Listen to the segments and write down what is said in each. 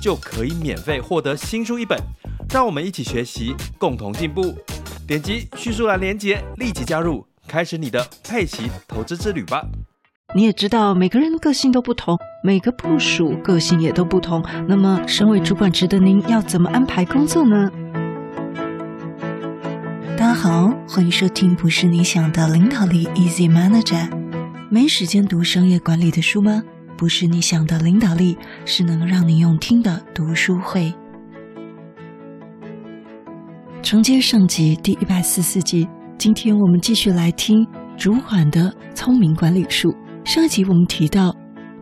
就可以免費獲得新書一本，讓我們一起學習，共同進步。點擊敘述欄連接，立即加入，開始你的配息投資之旅吧。你也知道，每個人的個性都不同，每個部屬個性也都不同。那麼，身為主管者的您，您要怎麼安排工作呢？大家好，歡迎收聽《不是你想的領導力》，Easy Manager。沒時間讀商業管理的書嗎？不是你想的領導力，是能讓你用聽的讀書會。承接上集第一百四十四集，今天我們繼續來聽《主管的聰明管理術》。上一集我們提到，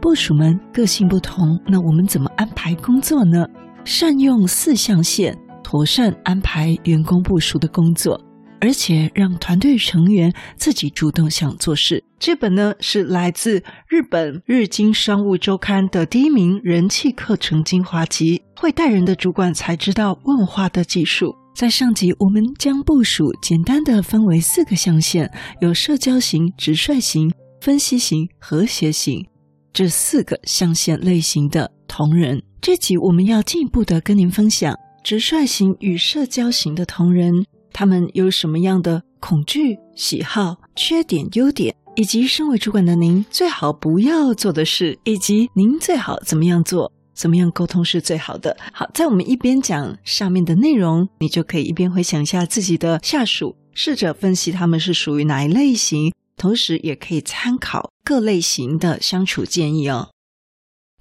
部屬們個性不同，那我們怎麼安排工作呢？善用四象限，妥善安排員工部屬的工作。而且讓團隊成員自己主動想做事。這本呢是來自日本日經商務周刊的第一名人氣課程精華集，會帶人的主管才知道問話的技術。在上集，我們將部屬簡單的分為四個象限：有社交型、直率型、分析型、和諧型這四個象限類型的同仁，這集我們要進一步的跟您分享直率型與社交型的同仁。他們有什麼樣的恐懼、喜好、缺點、優點，以及身為主管的您最好不要做的事，以及您最好怎麼樣做、怎麼樣溝通是最好的。好，在我們一邊講上面的內容，你就可以一邊回想一下自己的下屬，試着分析他們是屬於哪一類型，同時也可以參考各類型的相處建議哦。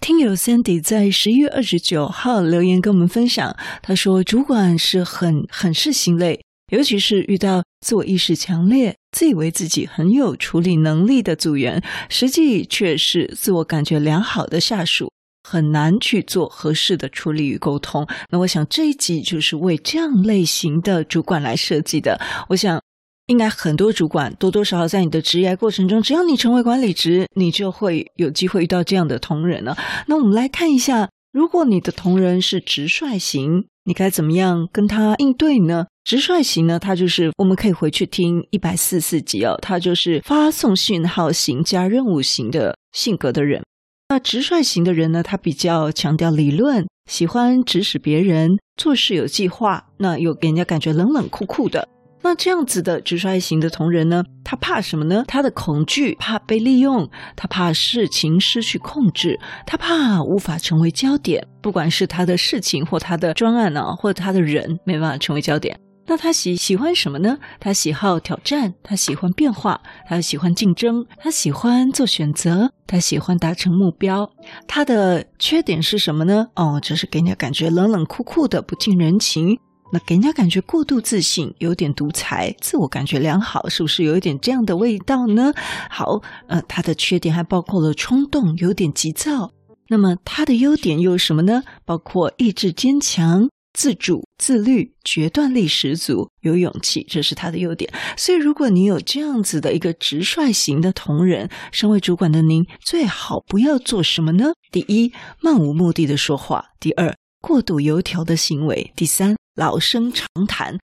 聽友 Sandy 在十一月二十九號留言跟我們分享，他說：“主管是很很是心累。”尤其是遇到自我意識強烈、自以為自己很有處理能力的組員，實際卻是自我感覺良好的下屬，很難去做合適的處理與溝通。那我想這一集就是為這樣類型的主管來設計的。我想，應該很多主管多多少少在你的職業過程中，只要你成為管理職，你就會有機會遇到這樣的同仁了。那我們來看一下，如果你的同仁是直率型，你該怎麼樣跟他應對呢？直率型呢，他就是我們可以回去聽一百四十四集哦，他就是發送訊號型加任務型的性格的人。那直率型的人呢，他比較強調理論，喜歡指使別人，做事有計劃，那又給人家感覺冷冷酷酷的。那這樣子的直率型的同仁呢，他怕什麼呢？他的恐懼，怕被利用，他怕事情失去控制，他怕無法成為焦點，不管是他的事情或他的專案呢，啊，或者他的人沒辦法成為焦點。那他喜喜歡什麼呢？他喜好挑戰，他喜歡變化，他喜歡競爭，他喜歡做選擇，他喜歡達成目標。他的缺點是什麼呢？哦，就是給人家感覺冷冷酷酷的，不近人情。那給人家感覺過度自信，有點獨裁，自我感覺良好，是不是有一點這樣的味道呢？好，呃，他的缺點還包括了衝動，有點急躁。那麼他的優點又是什麼呢？包括意志堅強。自主、自律、決斷力十足、有勇氣這是他的優點。所以，如果你有這樣子的一個直率型的同仁，身為主管的您，最好不要做什麼呢？第一，漫無目的的說話；第二，過度油條的行為；第三，老生常談。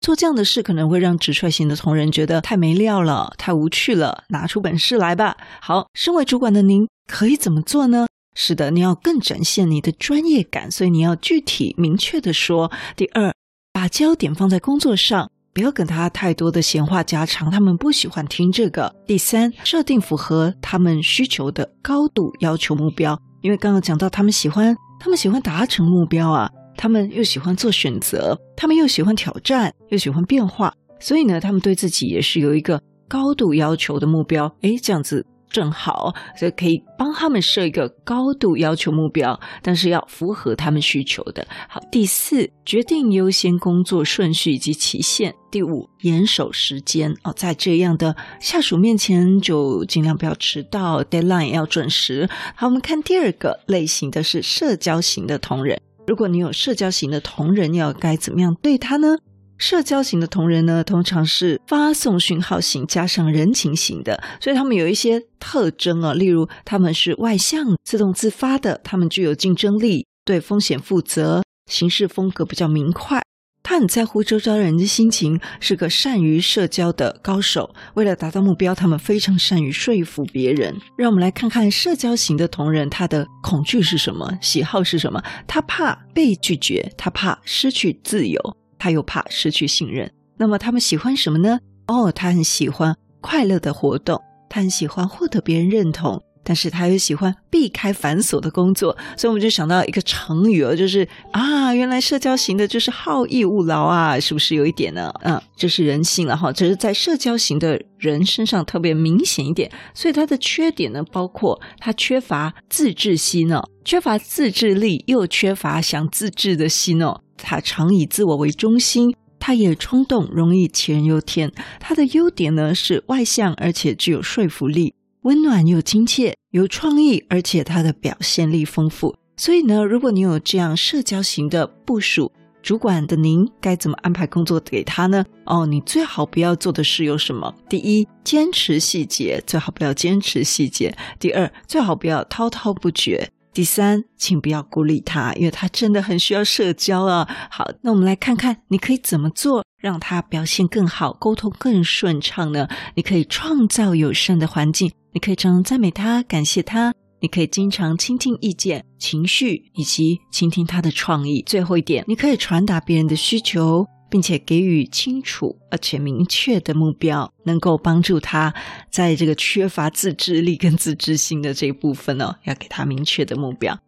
做這樣的事，可能會讓直率型的同仁覺得太沒料了、太無趣了，拿出本事來吧。好，身為主管的您可以怎麼做呢？是的，你要更展現你的專業感，所以你要具體明確的說。第二，把焦點放在工作上，不要跟他太多的閒話家常，他們不喜歡聽這個。第三，設定符合他們需求的高度要求目標，因為剛剛講到他們喜歡，他們喜歡達成目標啊，他們又喜歡做選擇，他們又喜歡挑戰，又喜歡變化，所以呢，他們對自己也是有一個高度要求的目標。哎，這樣子。正好，所以可以幫他們設一個高度要求目標，但是要符合他們需求的。好，第四，決定優先工作順序以及期限。第五，嚴守時間哦，在這樣的下屬面前，就盡量不要遲到，deadline 要準時。好，我們看第二個類型的是社交型的同仁，如果你有社交型的同仁，要該怎麼樣對他呢？社交型的同仁呢，通常是發送訊號型加上人情型的，所以他們有一些特徵啊，例如他們是外向、自動自發的，他們具有競爭力，對風險負責，行事風格比較明快，他很在乎周遭人的心情，是個善於社交的高手。為了達到目標，他們非常善於說服別人。讓我們來看看社交型的同仁，他的恐懼是什麼？喜好是什麼？他怕被拒絕，他怕失去自由。他又怕失去信任，那麼他們喜歡什麼呢？哦，他很喜歡快樂的活動，他很喜歡獲得別人認同，但是他又喜歡避開繁瑣的工作，所以我們就想到一個成語哦，就是啊，原來社交型的就是好逸惡勞啊，是不是有一點呢？嗯，這、就是人性了哈，這是在社交型的人身上特別明顯一點。所以他的缺點呢，包括他缺乏自制心呢，缺乏自制力，又缺乏想自制的心哦。他常以自我為中心，他也衝動，容易杞人憂天。他的優點呢是外向，而且具有說服力，溫暖又親切，有創意，而且他的表現力豐富。所以呢，如果你有這樣社交型的部屬，主管的您該怎麼安排工作給他呢？哦，你最好不要做的事有什麼？第一，堅持細節，最好不要堅持細節；第二，最好不要滔滔不絕。第三，請不要孤立他，因為他真的很需要社交啊。好，那我們來看看你可以怎麼做，讓他表現更好，溝通更順暢呢？你可以創造友善的環境，你可以常常讚美他、感謝他，你可以經常傾聽意見、情緒以及傾聽他的創意。最後一點，你可以傳達別人的需求。並且給予清楚而且明確的目標，能夠幫助他在這個缺乏自制力跟自制性的這一部分呢，哦，要給他明確的目標。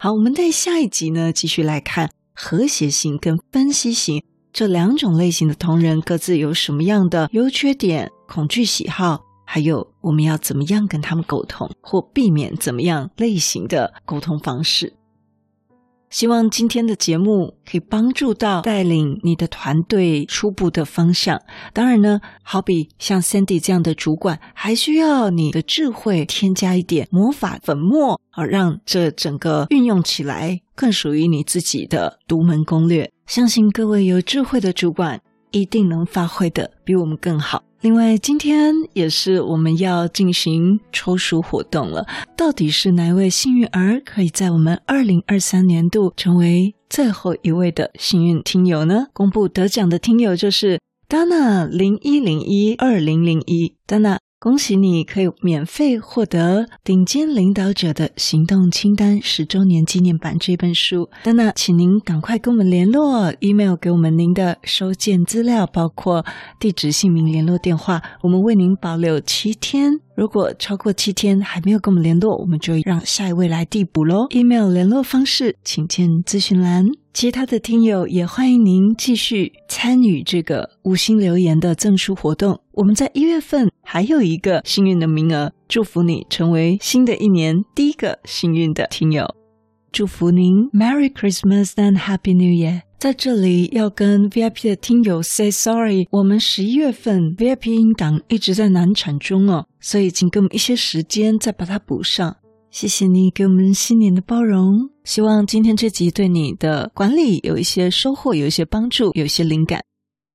好，我們在下一集呢，繼續來看和諧型跟分析型這兩種類型的同仁各自有什麼樣的優缺點、恐懼、喜好，還有我們要怎麼樣跟他們溝通，或避免怎麼樣類型的溝通方式。希望今天的節目可以幫助到帶領你的團隊初步的方向。當然呢，好比像 Sandy 這樣的主管，還需要你的智慧添加一點魔法粉末，而讓這整個運用起來更屬於你自己的獨門攻略。相信各位有智慧的主管，一定能發揮得比我們更好。另外，今天也是我們要進行抽書活動了。到底是哪位幸運兒可以在我們二零二三年度成為最後一位的幸運聽友呢？公布得獎的聽友就是 Dana 零一零一二零零一 Dana。恭喜你可以免費獲得《頂尖領導者的行動清單》十周年紀念版這本書。Dana，請您趕快跟我們聯絡，email 給我們您的收件資料，包括地址、姓名、聯絡電話。我們為您保留七天，如果超過七天還沒有跟我們聯絡，我們就讓下一位來遞補嘍。email 聯絡方式，請見諮詢欄。其他的聽友也歡迎您繼續參與這個五星留言的贈書活動。我們在一月份還有一個幸運的名額，祝福你成為新的一年第一個幸運的聽友。祝福您，Merry Christmas and Happy New Year！在這裡要跟 VIP 的聽友 say sorry，我們十一月份 VIP 音檔一直在難產中哦，所以請給我們一些時間再把它補上。謝謝你給我們新年的包容。希望今天這集對你的管理有一些收穫，有一些幫助，有一些靈感。